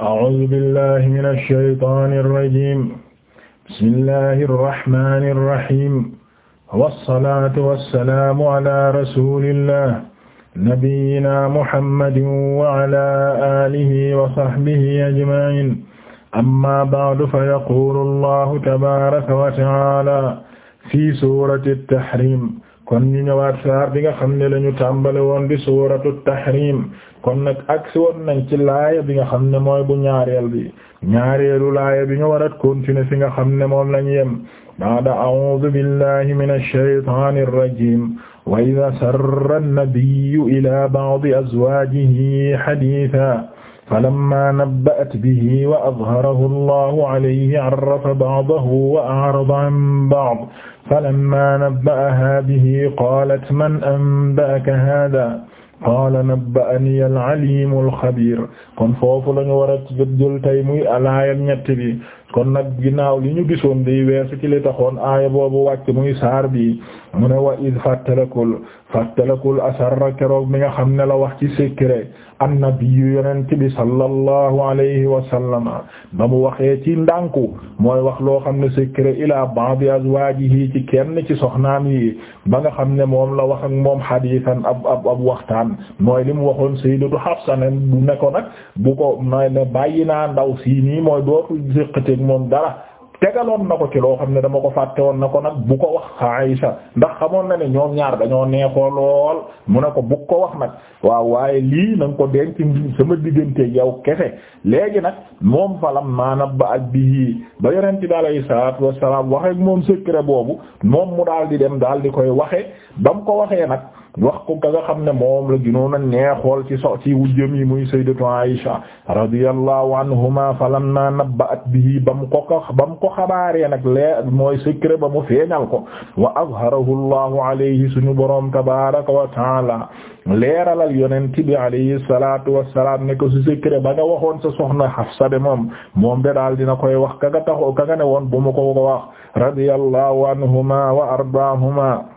أعوذ بالله من الشيطان الرجيم بسم الله الرحمن الرحيم والصلاة والسلام على رسول الله نبينا محمد وعلى آله وصحبه أجمعين أما بعد فيقول الله تبارك وتعالى في سورة التحريم kon ñu ñëwaat saar bi nga xam ne la ñu tàmbale woon di suuratu tahrim kon nag agsi woon nañ ci laaya bi nga xam ne mooy bu ñaareel bi ñaareelu laaya bi ñu warat continuer fi nga xam ne moom lañ yem baada a'uudu billahi minash shaytaanir rajiim wa idha sarra an-nabiyyu ila ba'di azwaajihi hadiithan falamma nabba'at bihi wa azharahu allahu alayhi arrafa ba'dahu wa a'rada an ba'd falamma nabba'aha bihi qaalat man anba'aka haadha qaala nabba'ani al-aliimu al-xabiir kon foofu la ñu war a jël tey muy alaayal ñett bi kon nag ginnaaw li ñu gisoon di weesu ci li taxoon aaya boobu wàcc muy saar bi mu ne wa id fàttalakul fàttalakul asarra keroog mi nga xam ne la wax ci secret annabiyu yonent bi sallallahu alayhi wa sallama ba mu waxee ci ndànku mooy wax loo xam ne secret ila ba'di azwaajihi ci kenn ci soxnaam yi ba nga xam ne moom la wax ak moom hadiisan ab ab waxtaan mooy li mu waxoon sayyidatu Hafsa ne bu nekkoon nag bu ko may ne bàyyi naa ndaw sii nii mooy dootul moom dara tegaloon na ko ci loo xam ne dama ko fàtte woon na ko nag bu ko wax Aïcha ndax xamoon na ne ñoom ñaar dañoo neexoo lool mu ne ko bu ko wax nag waaw waaye lii na nga ko denc sama diggante yow kese léegi nag moom falam maanab ba ak bii ba yonent bi alayhi salaatu wassalaam waxe moom secret boobu moom mu daal di dem daal di koy waxee bam ko waxee nag wax ko ka nga xam ne moom la gënoon a neexool ci so ci wujjëm yi muy sayyidatu Aisha radiyallahu anhuma falamma nabba'at bihi ba mu ko ko ba mu ko xabaaree nag lee mooy secret ba mu feeñal ko a wa azharahu allahu alayhi suñu boroom tabaraka wa taala leeralal yonent bi alayhi salatu wassalam ne ko si secret ba nga sa soxna Hafsa de moom moom de daal dina koy wax ka nga taxoo ka ne woon bu mu ko ko wax radiyallahu anhuma wa ardaahuma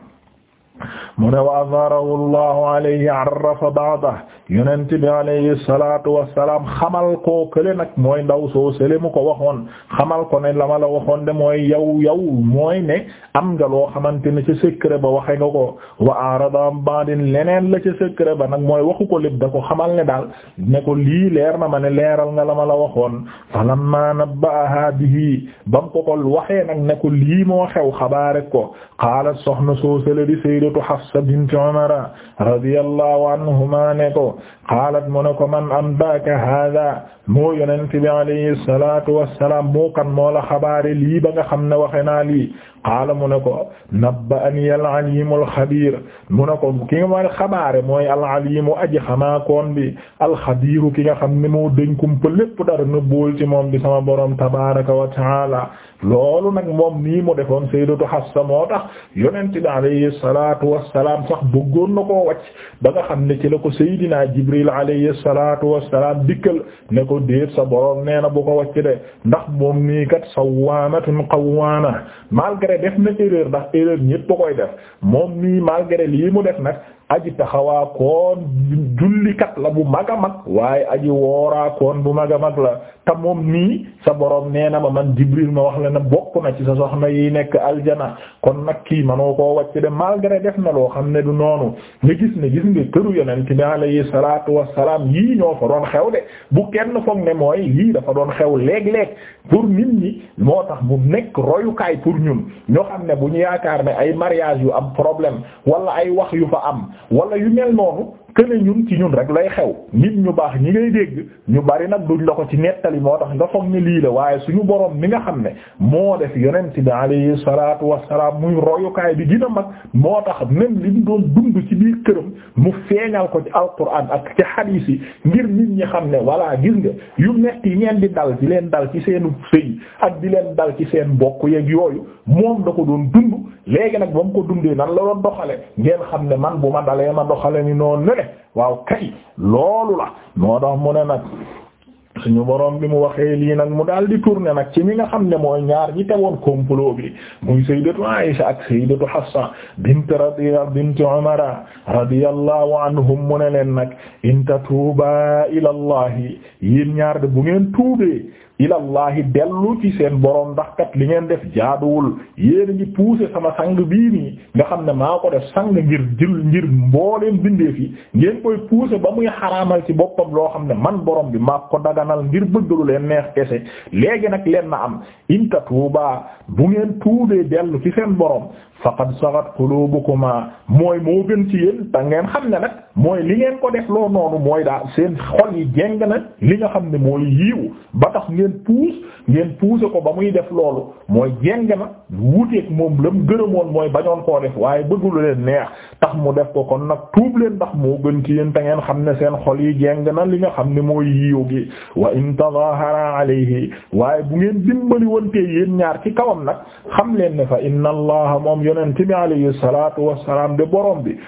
mu ne wa azharahu allahu alayhi arrafa baada yonent bi alayhi salatu wasalaam xamal koo kële nag mooy ndaw soo sële mu ko waxoon xamal ko ne la ma la waxoon de mooy yow yow mooy ne am nga loo xamante ne ca secret ba waxe nga ko wa arada baadin leneen la ca secret ba nag mooy waxu ko lépp da ko xamal ne daal ne ko lii leer na ma ne leeral nga la ma la waxoon falamma nabbaaha bihi bam ko ko waxee nag ne ko lii moo xew xabaare ko qaala soxna soo sële di sayyidatu Hafsa bint Umar radiyallahu anhuma ne ko qaalat mu ne ko man anbaaka haadaa moo yonent bi alayhi salaatu wassalaam moo kan moo la xabaare lii ba nga xam ne waxe naa lii qaala mu ne ko nabbaani al-aliimu al-xabiir mu ne ko ki nga ma xabaare mooy al-aliimu aji xamaakoon bi al-xabiiru ki nga xam ne moo dénkumpa lépp dara nëbbuwul ci moom bi sama borom tabaaraka wa taala loolu nag moom nii mu defoon sayyidatu Hafsa moo tax yonent bi alayhi salaatu wassalaam sax bëggoon na ko wàcc ba nga xam ne ci la ko sayyidina Jibril alayhi wa wassalaam dikkal ne ko déet sa borom nee na bu ko wàcc de ndax moom nii kat sawwaamatun def na erreur ndax erreur ñépp ba koy def moom nii malgré lii mu def nag aji taxawaa koon jullikat la bu mag a mag waaye aji wooraakoon bu mag a mag la te moom nii sa borom nee na ma man Jibril ma wax la ne bokk na ci sa soxna yi nekk aljana kon nag kii ma manoo koo wàcc de malgré def na loo xam ne du noonu nga gis ne gis nga këru yonent bi alayhi salaatu wassalaam yii ñoo fa doon xew de bu kenn foog ne mooy lii dafa doon xew léeg-léeg pour nit ñi moo tax bu nekk royukaay pour ñun ñoo xam ne bu ñu yaakaar ne ay mariage yu am problème wala ay wax yu fa am wala yu mel noonu këne ñun ci ñun rek lay xew nit ñu baax ñi ngay dégg ñu bari nag duñ la ko ci nettali moo tax nga foog ne lii la waaye suñu borom mi nga xam ne moo def yonent bi alayhi salaatu wassalaam muy royukaay bi dina mag moo tax même liñ doon dund ci biir këram mu feeñal ko ci alquran ak ci hadith yi ngir nit ñi xam ne voilà gis nga yu nekk yi ngeen di dal di leen dal ci seenu sëy ak di leen dal ci seen mbokk yeeg yooyu moom da ko doon dund léegi nag ba mu ko dundee la doon doxale ngeen xam ne man bu ma ma doxale ni noonu waaw kay loolu la moo tax mu ne nag suñu borom bi mu waxee lii nag mu daal di turne nag ci ñi nga xam ne mooy ñaar ñi tewoon complot bi muy sayyidatu Aisha ak sayyidatu Hafsa bint radiya bint Umar radiyallahu anhum mu ne leen nag in tatuuba ila Allah yéen ñaar de bu tuubee ilallahi dellu ci seen borom ndax kat li ngeen def jaaduwul yéen a ngi pousser sama sang bii nii nga xam ne maa ko def sang ngir jël ngir mbooleem bindeef yi ngeen koy pousser ba muy xaraamal ci boppam loo xam ne man borom bi maa ko daganal ngir bëgg lu leen neex kese léegi nag leen na am in tatuuba bu ngeen tuubee dellu ki seen borom faqad sagat qulubukuma mooy moo gën ci yéen da xam ne nag mooy li ngeen ko def loo noonu mooy daal seen xol yi jeng na li nga xam ne mooy yiiw ba tax ngeen puus ngeen puuse ko ba muy def loolu mooy jeng na wuteek moom la mu gërëmoon mooy bañoon koo def waaye bëggul leen neex tax mu def ko kon nag tuub leen ndax moo gën ci yéen te ngeen xam ne seen xol yi jeng na li nga xam ne mooy yiiw gi wa in tadahara alayhi waaye bu ngeen dimbali wante yéen ñaar ci kawam nag xam leen ne fa inna allaha moom yonent bi alayhi salatu wassalam de borom bi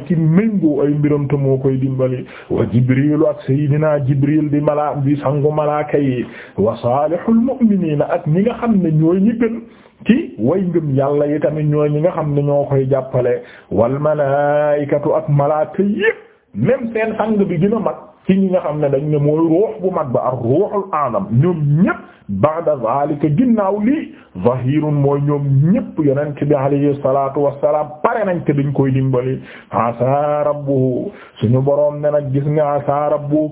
mooy ki méngoo ay mbiram te moo koy dimbali wa jibrilu ak sayyidina jibril di mala di sangu malaaka yi wa salihul mu'minina ak ñi nga xam ne ñooy ñi gën ci way ngëm yàlla yi tamit ñooy ñi nga xam ne ñoo koy jàppale wal malaikatu ak malaaka yépp même seen sang bi gën a mag ci ñi nga xam ne dañ ne mooy ruux bu mag ba ar ruuxul aadam ñoom ñépp ba'da zalika ginnaaw lii zahirun mooy ñoom ñépp yonent bi alayhi salaatu wassalaam pare nañ te dañ koy dimbali asa rabbuhu suñu boroom ne nag gis nga asa rabbuhu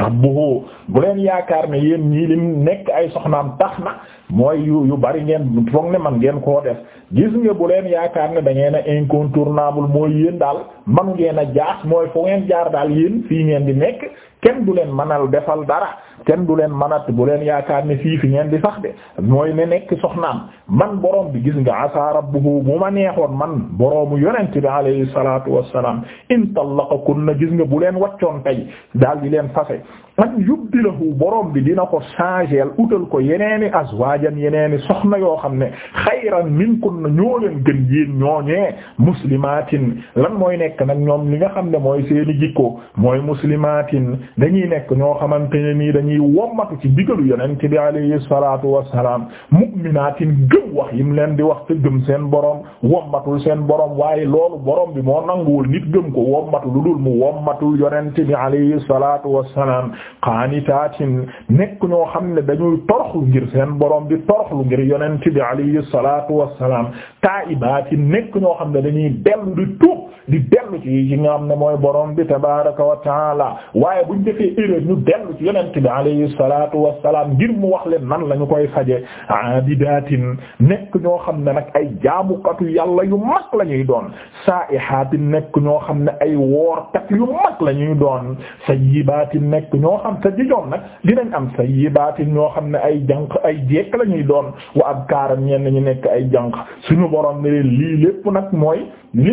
rabbuhu bu leen yaakaar ne yéen ñii lim nekk ay soxnaam tax na mooy yu yu bari ngeen foog ne man ngeen koo def gis nga bu leen yaakaar ne da ngeen a incontournable mooy yéen daal man ngeen a jaax mooy foo ngeen jaar daal yéen fii ngeen di nekk kenn du leen manal defal dara kenn du leen mënat bu leen yaakaar ne fii fi ngeen di sax de mooy ne nekk soxnaam man borom bi gis nga asa rabbuhu bu ma neexoon man boroomu yonent bi alayhi salaatu wassalaam in tallaqakunna gis nga bu leen waccoon tey daal di leen fase an yubdilahu borom bi dina ko changeel utal ko yeneeni azwaajan yeneeni soxna yoo xam ne xayran minkunna ñoo leen gën yéen ñooñee muslimatin lan mooy nekk nag ñoom li nga xam ne mooy seeni jikko mooy muslimatin dañuy nekk ñoo xamante ne nii dañuy wommatu ci digalu yonent bi alayhi salaatu wassalaam mu'minaatin gëm wax yim leen di wax te gëm seen borom wommatul seen borom waaye loolu borom bi moo nanguwul nit gëm ko wommatu lu dul mu wommatul yonent bi alayhi salaatu wassalaam qaanitaatin nekk ñoo xam ne dañuy toroxlu ngir seen borom di toroxlu ngir yonent bi alayhi salaatu wassalaam taa'ibaatin nekk ñoo xam ne dañuy dellu di tuub di dellu ci ci nga xam ne mooy boroom bi tabaaraka wa taala waaye buñ defee erreur ñu dellu ci yonent bi alayhi salaatu wassalaam ngir mu wax leen nan lañu koy faje abidaatin nekk ñoo xam ne nag ay jaamukatu yàlla yu mag la ñuy doon saa'ihaatin nekk ñoo xam ne ay woorkat yu mag la ñuy doon sayyibaatin nekk ñoo xam sa di joom nag dinañ am sayyibaatin ñoo xam ne ay jànq ay jekk lañuy ñuy doon wa abkaaran ñenn ñu nekk ay jànq suñu borom ne lii lépp nag mooy li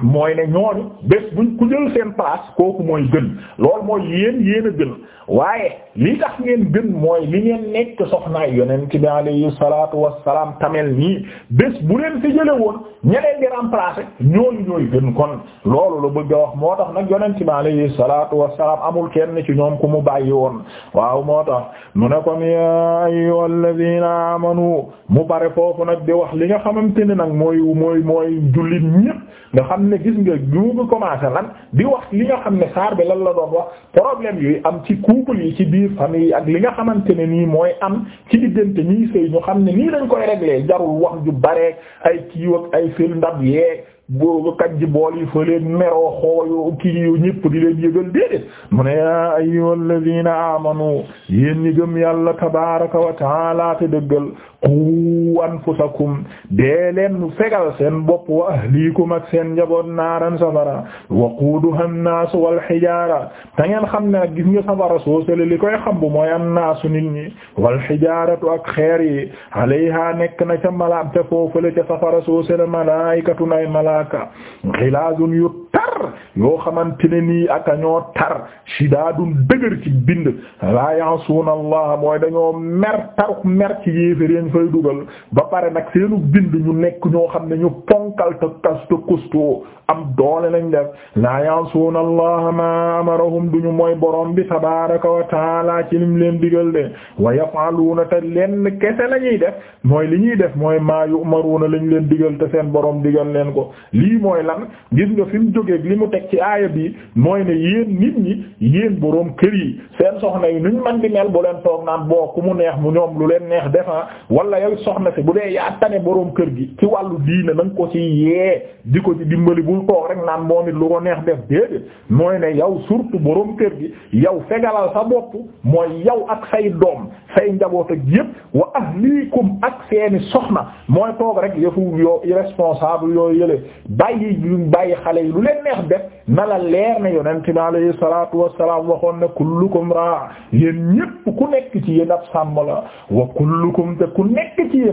mooy ne ñooñu bés buñ ku jël seen place kooku mooy gën loolu mooy yéen yéen a gën waaye li tax ngeen gën mooy li ngeen nekk soxnaay yonent bi alayhi salaatu wassalaam tamel nii bés bu leen fi jële woon ñeneen di remplacer ñooñu ñooy gën kon loolu la bëgg a wax moo tax nag yonent bi alayhi wa wassalaam amul kenn ci ñoom ku mu bàyyi woon waaw moo tax mu ne kon yaa ayyuhal ladina amanu mu bare foofu nag di wax li nga xamante ne nag mooy mooy mooy jullit xam ne gis nga ñu ngi commencé lan di wax li nga xam ne saar bi lan la doon wax problème yooyu am ci couple yi ci biir famille ak li nga xamante ne nii mooy am ci diggante ñiy sëy ñu xam ne nii dañ koy régler jarul wax ju bareek ay kiiw ak ay fil ndab yeeg boo kajji bool yi fa leen meroo xooyu kii yu ñëpp di leen yëgal déedéet mu ne yaa ayyuhalladhina amanu yéen ñi gëm yàlla tabaraka wa taala te dëggal qu anfusakum dee leen fegal seen bopp wa ahlikum ak seen njaboot naaran safara waquuduha an-naas wal hijaara ta ngeen xam ne nag gis nga safara soosale li koy bu mooy annaasu nit ñi wal hijaaratu ak xeer yi alayha nekk na ca malaam ca foofale ca safara soosale malaa'ikatun ay malaaka xilaazun yu tar yoo xamante ne nii ak tar shidaadun dëgër ci bind laa ya'suuna allah mooy dañoo mer taruk mer ci yéefér yañ fay dugal ba pare nag seenu bind ñu nekk ñoo xam ne ñu ponkal te kas te costaud am doole lañ def laa yaasuuna allaha ma amarahum duñu mooy borom bi tabaraka wa taala ci lim leen digal de wa yafaaluuna te lenn kese la ñuy def mooy li ñuy def mooy maa yu'maruuna lañ leen digal te seen borom digal leen ko lii mooy lan gis nga fi mu jógeeg li mu teg ci aaya bi mooy ne yéen nit ñi yéen borom kër yi seen soxna yi nuñ man di mel bu leen toog naan boo ku mu neex mu ñoom lu leen neex defa ah. wala bu dee yaa tane boroom kër gi ci wàllu diine na nga ko ci yee di ko ci dimbali bul toog rek naan moom it lu ko neex def déedéet mooy ne yow surtout boroom kër gi yow fegalal sa bopp mooy yow ak say doom say njaboot ak yépp wa ahlikum ak seeni soxna mooy toog rek yëfu yoo irresponsable yoo yële bàyyi bàyyi xale yi lu leen neex def na la leer ne yonent bi alayhi salaatu wassalaam waxoon ne kullukum raa yéen ñépp ku nekk ci yéen ab sàmm wa kullukum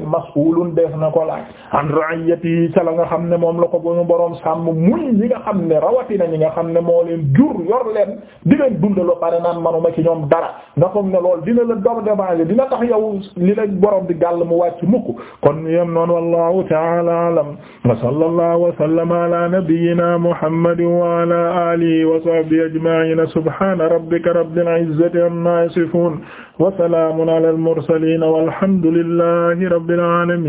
mas'ulun def na ko laaj an ra'iyati ca la nga xam ne moom la ko buñu boroom sàmm muy ñi nga xam ne rawatina ñi nga xam ne moo leen jur yor leen di leen dundaloo pare naan manuma ci ñoom dara nga foog ne lool dina la dor dévange dina tax yow li la boroom di gàll mu wàcc mukk kon yem noon wallahu ta'ala a'lam wa sallallahu wa sallama ala nabiyyina muhammadin wa ala alihi wa sahbihi ajma'in subhana wa salamun ala al rabbil alamin